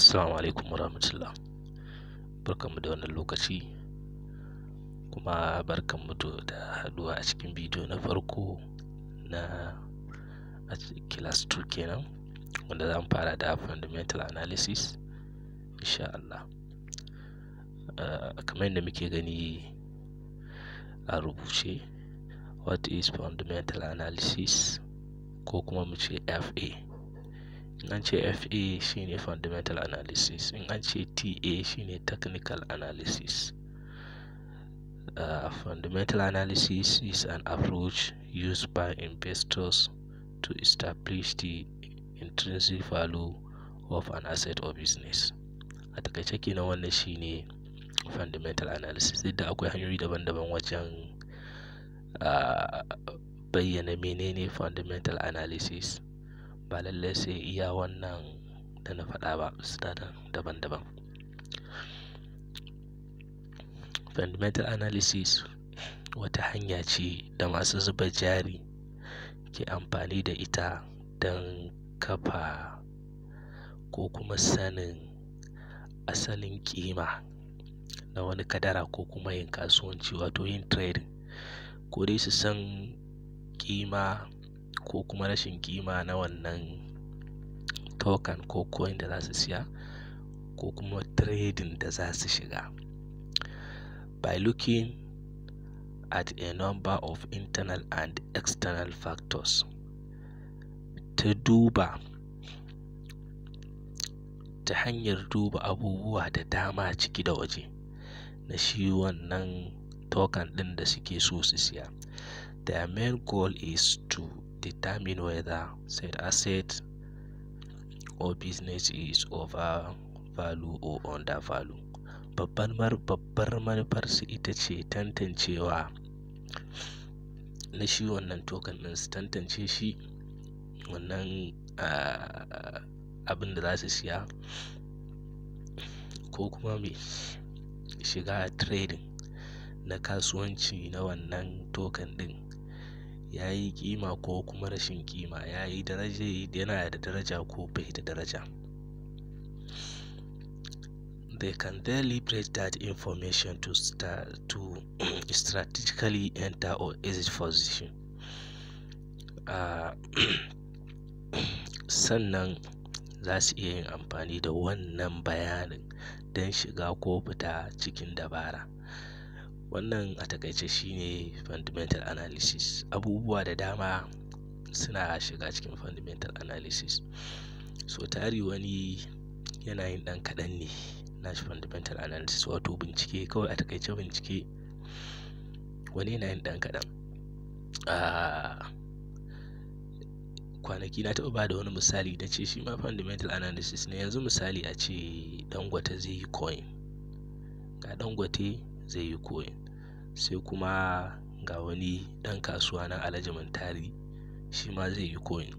Assalamu alaikum warahmatullah barkanmu da wannan lokaci kuma barkanmu da haduwa a cikin bidiyo na farko na a class 2 kenan wanda za fara da fundamental analysis insha Allah ah, kamar yadda muke gani a rubuce what is fundamental analysis ko kuma mu ce FA in an ce fa shine fundamental analysis in an ce ta shine technical analysis uh, fundamental analysis is an approach used by investors to establish the intrinsic value of an asset or business a takaice kenan wannan shine fundamental analysis duk da akwai hanyoyi daban-daban wajen uh, bayyana menene fundamental analysis ba lallai sai iya wannan da na faɗa ba suna daban-daban fundamental analysis wata hanya ce da masu zuba jari ke amfani da ita don kafa ko kuma sanin asalin kima na wani kadara ko kuma yin kasuwanci wato yin trading ko dai su san kima ko kuma rashin ƙima na wannan token ko coin da za su siya ko kuma trading da za su shiga by looking at a number of internal and external factors ta duba ta hanyar duba abubuwa da dama ciki da waje na shi wannan token ɗin da suke so su siya their main goal is to determine whether said asset or business is overvalue or undervalue babbar manufar su ita ce tantancewa na shi wannan token din su tantance shi wannan ah, abin da za su siya ko kuma mai shiga a trading na kasuwanci na wannan token din ya yi kima ko kuma rashin kima ya yi daraja yana da daraja ko bai da daraja they can then leverage that information to start to strategically enter or exit position uh, sannan za su iya yin amfani da wannan bayanin don shiga ko fita cikin dabara Wannan a takaice shine fundamental analysis. Abubuwa da dama suna shiga cikin fundamental analysis. So tari wani yana yin ɗan kaɗan ne na fundamental analysis wato bincike kawai a takaice bincike wani yana yin ɗan kaɗan. Kwanaki na taɓa ba da wani misali na ce shi ma fundamental analysis ne yanzu misali a ce Dangote zai yi coin. Ga Dangote zai yi koyin sai kuma ga wani ɗan kasuwa na alhaji mantari shi ma zai yi koyin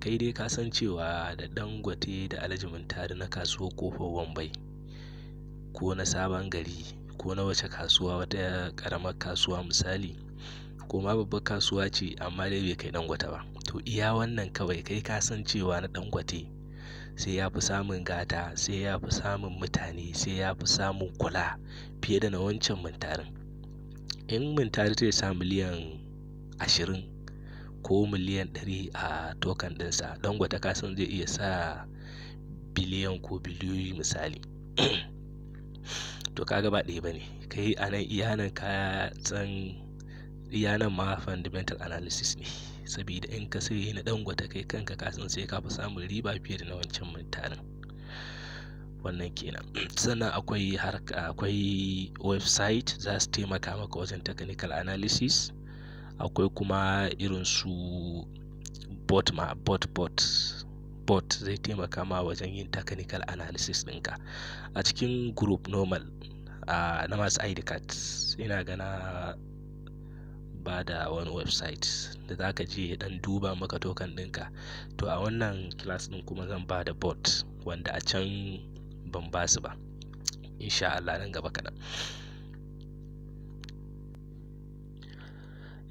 kai dai ka san cewa da dangote da alhaji mantari na kasuwar kofar wambai ko na sabon gari ko na wace kasuwa wata karamar kasuwa misali ko ma babbar kasuwa ce amma dai bai kai dangote ba to iya wannan kawai kai ka san cewa na dangote sai ya fi samun gata sai ya fi samun mutane sai ya fi samun kula fiye da na wancan mintarin in mintari zai sa miliyan ashirin ko miliyan ɗari a tokan ɗinsa don gwata kasan zai iya sa biliyan ko biliyoyi misali to kaga ba ɗaya ba ne kai a nan iya nan ka san iyanan ma fundamental analysis ne saboda in ka sai na dangwata kai kanka kasan sai ka fi samun riba fiye da na wancan mutanen wannan kenan sannan akwai harka akwai website za su taimaka maka wajen technical analysis akwai kuma irin su bot ma bot bot bot zai taimaka ma wajen yin technical analysis ɗinka a cikin group normal na masu id cards ina gana ba da wani website da za ka je ya duba maka token ɗinka to a wannan class ɗin kuma zan ba da bot wanda a can ban ba su ba insha Allah nan gaba kaɗan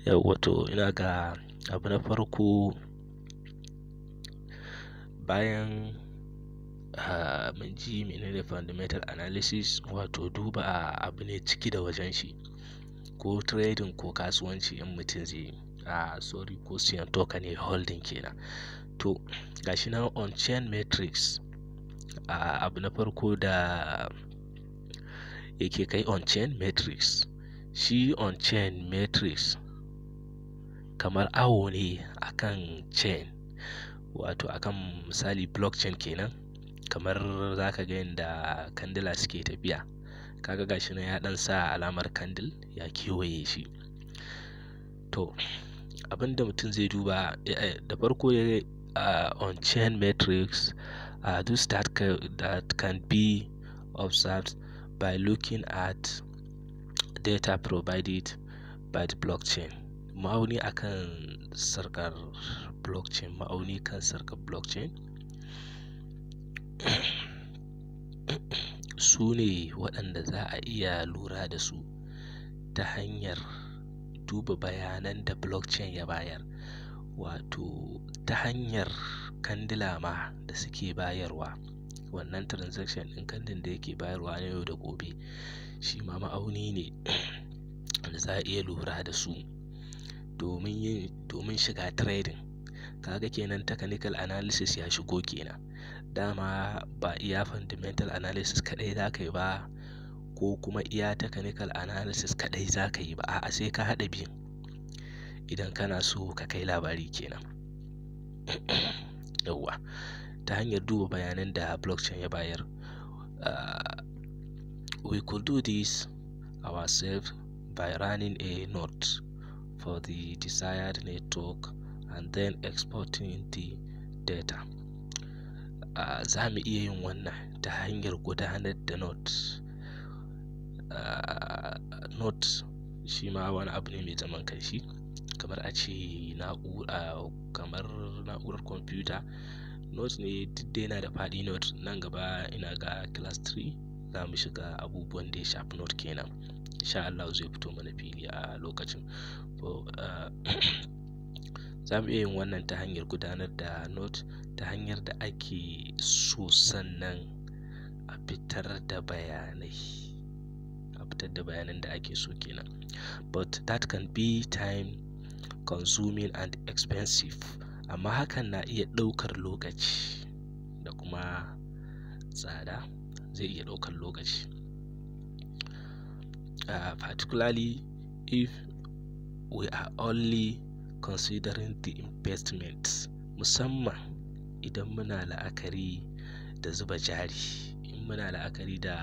yau wato ina ga abu na farko bayan ah, mun ji menene fundamental analysis wato duba abu ne ciki da wajen shi ko trading ko kasuwanci in mutum zai yi a sorry ko siyan token ne holding kenan to gashi na on chain matrix a abu na farko da yake kai on chain matrix shi on chain matrix kamar awo ne akan chain wato akan misali blockchain kenan kamar za ka ga yadda kandila suke tafiya kaga gashi nan ya ɗan sa alamar candle ya kewaye shi to abinda mutum zai duba eh, da farko uh, on chain matrix uh, ah, those that can, that can be observed by looking at data provided by the blockchain ma'auni akan sarkar blockchain ma'auni kan sarkar blockchain su ne waɗanda za a iya lura da su ta hanyar duba bayanan da blockchain ya bayar wato ta hanyar kandila ma da suke bayarwa wannan transaction ɗin kandin da yake bayarwa na yau da gobe shi ma ma'auni ne da za a iya lura da su domin shiga trading kaga kenan technical analysis ya shigo kenan dama ba iya fundamental analysis kadai za ka yi ba ko kuma iya technical analysis kadai za ka yi ba a'a sai ka haɗa biyun idan kana so ka kai labari kenan yauwa ta hanyar duba bayanan da blockchain ya bayar uh, we could do this ourselves by running a node for the desired network and then exporting the data za mu iya yin wannan ta hanyar gudanar da notes notes shi ma wani abu ne mai zaman kanshi kamar a ce kamar na'urar kwamfuta notes ne duk da yana da faɗi notes nan gaba ina ga class 3 za mu shiga abubuwan da ya shafi note kenan insha Allah zai fito mana fili a lokacin za mu iya yin wannan ta hanyar gudanar da not ta hanyar da ake so sannan a fitar da bayanai a fitar da bayanan da ake so kenan but that can be time consuming and expensive amma hakan na iya ɗaukar lokaci da kuma tsada zai iya ɗaukar lokaci uh, particularly if we are only considering the investment musamman idan muna la'akari da zuba jari in muna la'akari da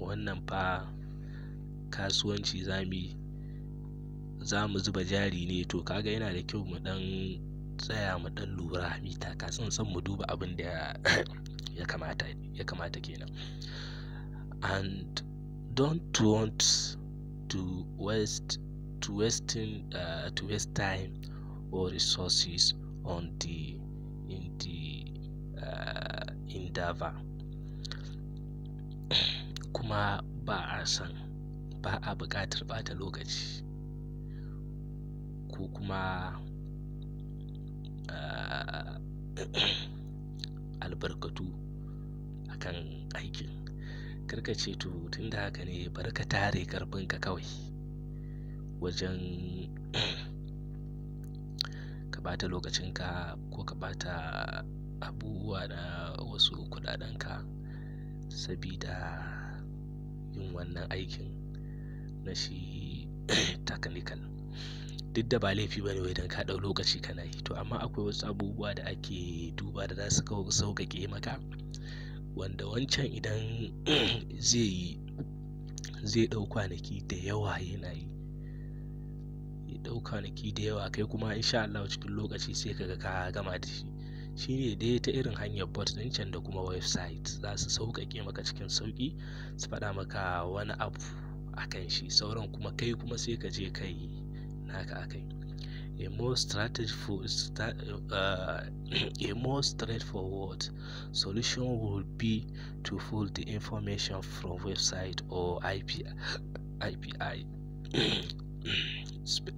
wannan fa kasuwanci za mu zuba jari ne to kaga yana da kyau mu ɗan tsaya mu ɗan lura mita taka san mu duba abin da ya kamata ya kamata kenan and don't want to waste to wasting uh, to waste time or resources on the in the uh, endeavor kuma ba a san ba a buƙatar bata lokaci ko kuma uh, albarkatu kan aikin karka ce to tunda haka ne barka ka tare karfinka kawai wajen ka ɓata lokacinka ko ka ɓata abubuwa na wasu ka sabida yin wannan aikin na shi technical. Duk da ba laifi bane wai dan ka ɗau lokaci kana yi to amma akwai wasu abubuwa da ake duba da za su sauƙaƙe maka wanda wancan idan zai zai ɗau kwanaki da yawa yana yi ɗau kwanaki da yawa kai kuma insha Allah cikin lokaci sai kaga ka gama da shi shine dai ta irin hanyar bot ɗin can da kuma website za su sauƙaƙe maka cikin sauƙi su faɗa maka wani abu akan shi sauran kuma kai kuma sai ka je kai naka akai a more straightforward, eh, a more straightforward solution would be to fold the information from website or IPI spe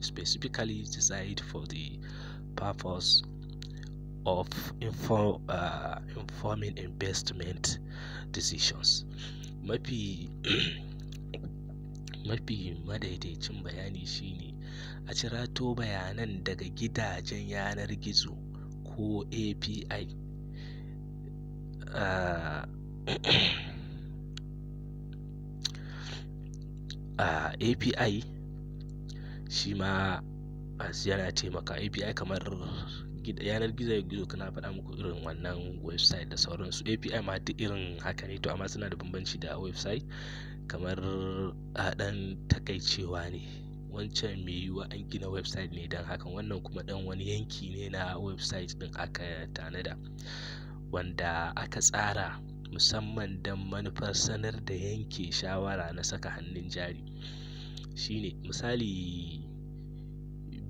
specifically designed for the purpose of inform, uh, informing investment decisions mafi madaidaicin bayani shine a cirato bayanan daga gidajen yanar gizo ko api uh, a api shi ma yana taimaka api kamar yanar gizo gizo kana faɗa muku irin wannan website da sauransu api ma duk irin haka ne to amma suna da bambanci da website kamar ɗan takaicewa ne wancan mai yiwuwa an gina website ne don hakan wannan kuma ɗan wani yanki ne na website ɗin aka tanada wanda aka tsara musamman don manufar sanar da yanke shawara na saka hannun jari shine misali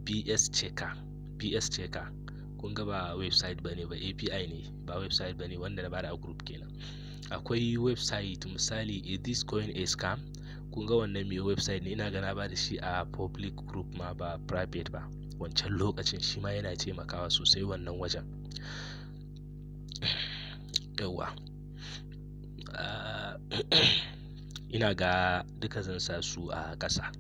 bs checker bs checker kun ga ba website bane ba api ne ba website bane wanda na bada a group kenan akwai website misali is eh, this coin a scam kun ga wannan mai website ne ina gana ba da shi a public group ma ba private ba wancan lokacin shi ma yana taimakawa sosai wannan wajen yawwa Uh, ina ga duka zan sa su a ƙasa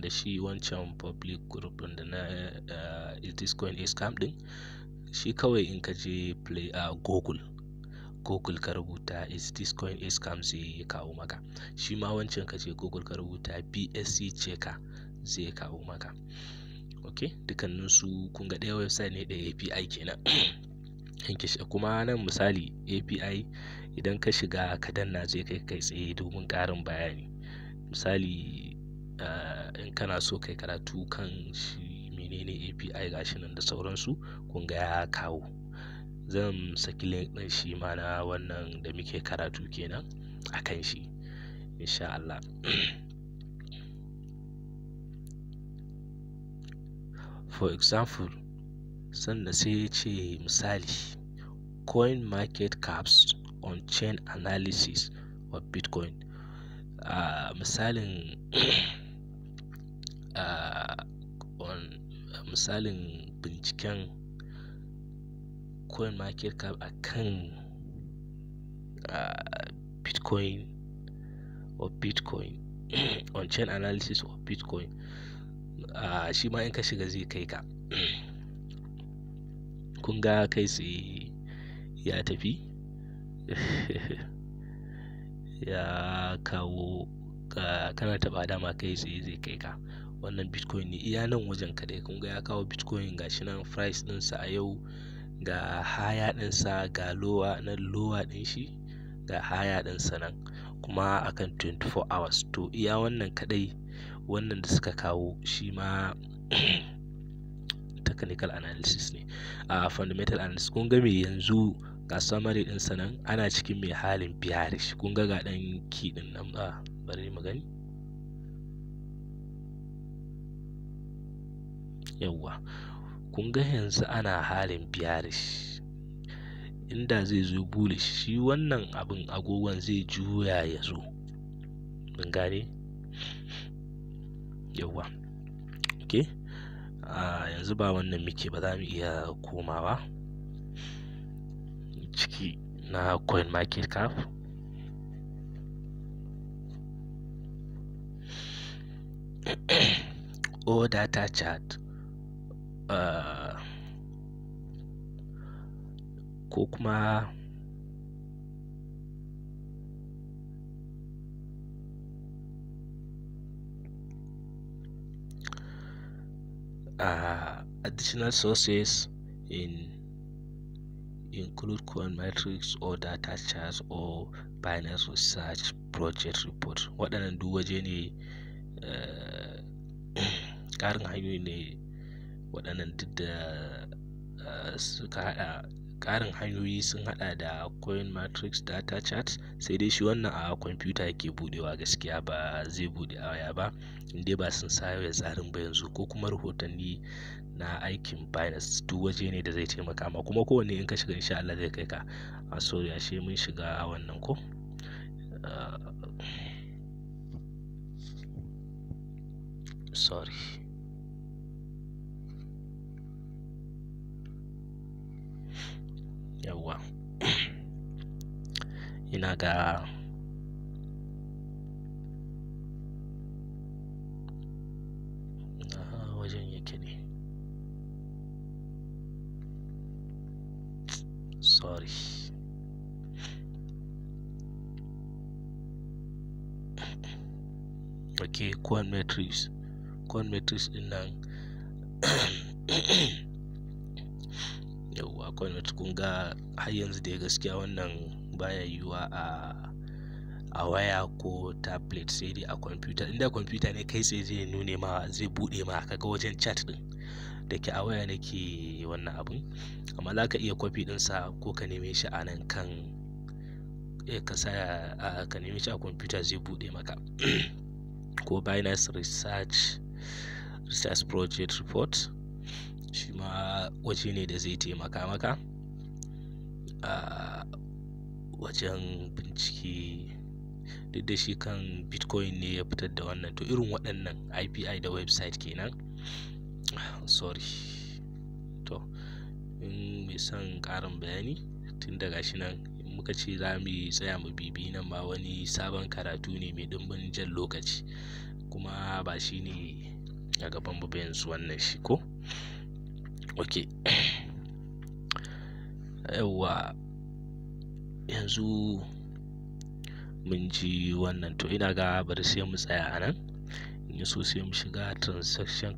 da shi wancan public group da na uh, is this coin is scam din shi kawai in ka je play a uh, google google ka rubuta is this coin is scam zai kawo maka shi ma wancan ka je google ka rubuta bsc checker zai kawo maka ok dukkanin su kun ga ɗaya website ne da api kenan kuma nan misali api idan ka shiga ka danna zai kai kai tsaye domin ƙarin bayani misali eh, in kana so kai karatu kan shi menene api gashi nan da sauransu kun ga ya kawo zan saki ɗin shi ma na wannan da muke karatu kenan a kan shi insha Allah for example sannan sai ya ce misali coin market caps on-chain analysis of bitcoin uh, misalin uh, on, misalin binciken coin market cap a kan uh, bitcoin of bitcoin on-chain analysis of bitcoin uh, shi ma in ka shiga zai kai ka kun ga kai sai ya tafi ya kawo kana taɓa dama kai tsaye zai kai ka wannan bitcoin ne iya nan wajen kadai kun ga ya kawo bitcoin gashi nan price ɗinsa a yau ga haya ɗinsa ga lowa na lowa ɗin shi ga haya ɗinsa nan kuma akan 24 hours to iya wannan kadai wannan da suka kawo shi ma technical analysis ne a ah, fundamental analysis kun ga me yanzu ga summary din sanan ana cikin mai halin bearish kun ga ga dan ki din nan ba ah, bari mu gani yawa kun ga yanzu ana halin bearish inda zai zo bullish shi wannan abin agogon zai juya ya zo mun gane okay ah, yanzu ba wannan muke ba za mu iya komawa ciki na coin market cap or oh, data chart uh, ko kuma uh, additional sources in include Coinmetrics or data charts or Binance Research Project report waɗannan duk waje ne eh, ƙarin hanyoyi ne waɗannan duk da eh, suka haɗa Ƙarin hanyoyi sun haɗa da coin matrix Data chart sai dai shi wannan a kwamfuta yake buɗewa gaskiya ba zai buɗe a waya ba, inda ba sun sauya tsarin ba yanzu ko kuma rahotanni na aikin Binance duk waje ne da zai taimaka ma kuma kowanne in ka shiga insha Allah zai kai ka. A sorry ashe mun shiga a wannan ko? Ah, sorry. yawwa ina ga wajen yake sorry ok quant matrix quant matrix din nan connect kun ga har yanzu dai gaskiya wannan baya yiwuwa a a waya ko tablet sai dai a kwamfuta inda kwamfuta ne kai sai zai nune ma zai bude ma kaga wajen chat din da ke a waya nake wannan abun amma za ka iya kwafi dinsa ko ka neme shi a nan kan eh, ka sa ka neme shi a kwamfuta zai bude maka ko binance research research project report shi ma waje ne da zai taimaka maka a wajen bincike duk da shi kan bitcoin ne ya fitar da wannan to irin waɗannan ipi da website kenan sorry to in mai son ƙarin bayani tun daga shi nan muka ce za mu tsaya mu bibi nan ba wani sabon karatu ne mai ɗimbin jan lokaci kuma ba shi ne a gaban yanzu wannan shi ko ok yawwa yanzu mun ji wannan to ina ga bari sai mu tsaya a nan in so sai mu shiga transaction